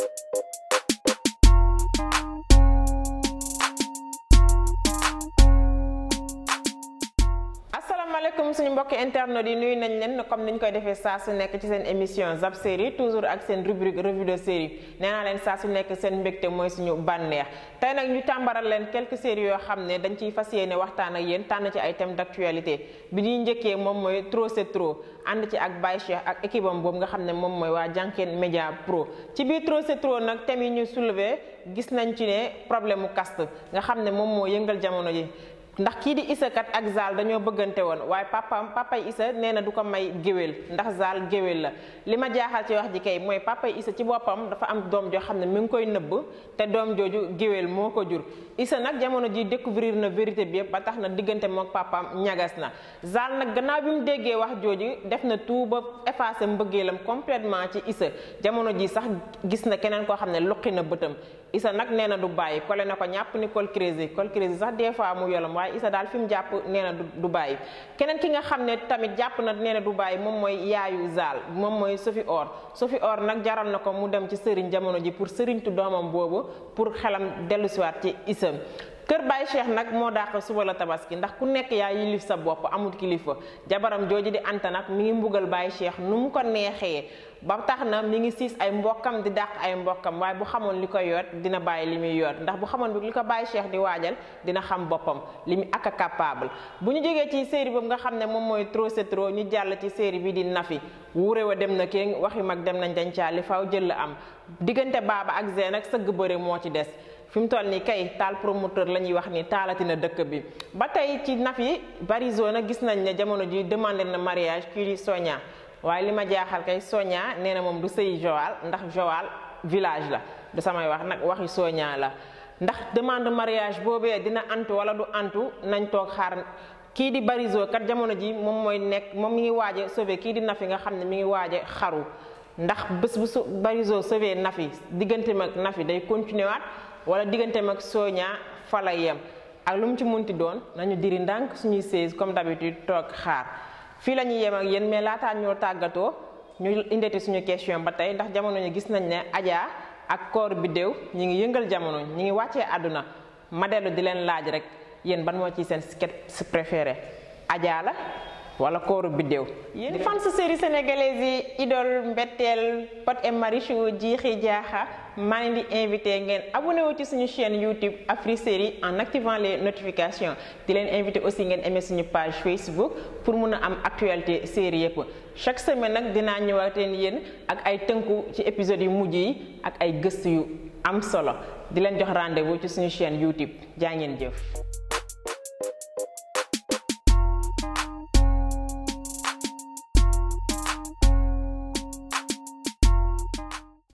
you asalaamaaleykum suñu mbokki internet yi nuyu nañ leen comme niñ koy defee saa su nekk ci seen émission zap série toujours ak seen rubrique revue série nee naa leen saa su nekk seen mbégte mooy suñu bànneex tey nag ñu tàmbaral leen quelques séries yoo xam ne dañ ciy fas yéene waxtaan ak yéen tànn ci ay thèmes d'actualité bi ñuy njëkkee moom mooy trop c'est trop ànd ci ak Baye Cheikh ak équipe am boobu nga xam ne moom mooy waa Jankeen Média Pro ci biir trop c'est trop nag thèmes yi gis nañ ci ne problème mu caste nga xam ne moom moo yëngal jamono ji ndax kii di Issa kat ak Zal dañoo bëggante woon waaye papaam papay Issa nee na du ko may géwél ndax saal géwél la li ma jaaxal ci wax ji kay mooy papay Issa ci boppam dafa am doom joo xam ne mi ngi koy nëbb te doom jooju géwél moo ko jur Issa nag jamono ji découvrir na vérité bi yëpp ba tax na diggante mook papaam ñagas na Zal nag gannaaw bi mu déggee wax jooju def na tout ba effacé mbëggeelam completement ci Issa jamono ji sax gis na keneen koo xam ne luqi na bëtam Issa nag nee na du bàyyi kole na ko ñàpp waaye Isa daal fi mu jàpp nee na du bàyyi keneen ki nga xam ne tamit jàpp na nee na du bàyyi moom mooy yaayu zaal moom mooy Sophie Or Sophie Or nag jaral na ko mu dem ci sëriñ jamono ji pour sëriñtu doomam boobu pour xelam dellusiwaat ci Isa kër Baye Cheikh nag moo dàq suba la tabaski ndax ku nekk yaa yilif sa bopp amul kilifa jabaram jooju di anta nag mu ngi mbugal bàyyi Cheikh nu mu ko neexee ba tax na mi ngi siis ay mbokkam di dàq ay mbokkam waaye bu xamoon li ko yoot dina bàyyi li muy yoot ndax bu xamoon li ko bàyyi Cheikh di waajal dina xam boppam li mu ak cappable bu ñu jógee ci série boobu nga xam ne moom mooy trop c'est trop ñu jàll ci série bi di Nafi wuure wa dem na kii waxi mag dem nañ dencaali faw jël la am diggante baaba ak zen ak sëgg bëre moo ci des fi mu toll nii kay taal promoteur la ñuy wax ni na dëkk bi ba tey ci Nafi Barizona gis nañ ne jamono ji demande na mariage kii di Sonia waaye li ma jaaxal kay Sonia nee na moom du sëy Joal ndax Joal village la du samay wax nag waxi Sonia la ndax demande mariage boobee dina ant wala du antu nañ toog xaar kii di Barizo kat jamono ji moom mooy nekk moom mi ngi waaje sauvé kii di Nafi nga xam ne mu ngi waaje xaru ndax bés bu Barizo sauvé Nafi diggante mag Nafi day continuer waat wala diggante mag soña fala yem ak lu mu ci munti doon nañu diri ndànk suñuy sées comme d'habitude toog xaar fii la ñuy yem ak yéen mais laataa ñoo tàggatoo ñu indeti suñu question ba tey ndax jamono ñu gis nañ ne Adja ak koor biddéew ñi ngi yëngal jamono ñi ngi wàccee àdduna ma dellu di leen laaj rek yéen ban moo ci seen sketch préféré Adja la wala kooru biddéew yéen fans série sénégalaise idole mbettel pat et Marichou jiixi jaxa maa ngi di invité ngén abonné wu ci suñu chaîne YouTube Afri Série en activant les notifications di len invité aussi ngén aimé suñu page Facebook pour mëna am actualité série yépp chaque semaine nak dina ñëwaateen yéen ak ay tënku ci épisode yu mujj yi ak ay gëstu yu am solo di len jox rendez-vous ci suñu chaîne YouTube jaa ngeen jëf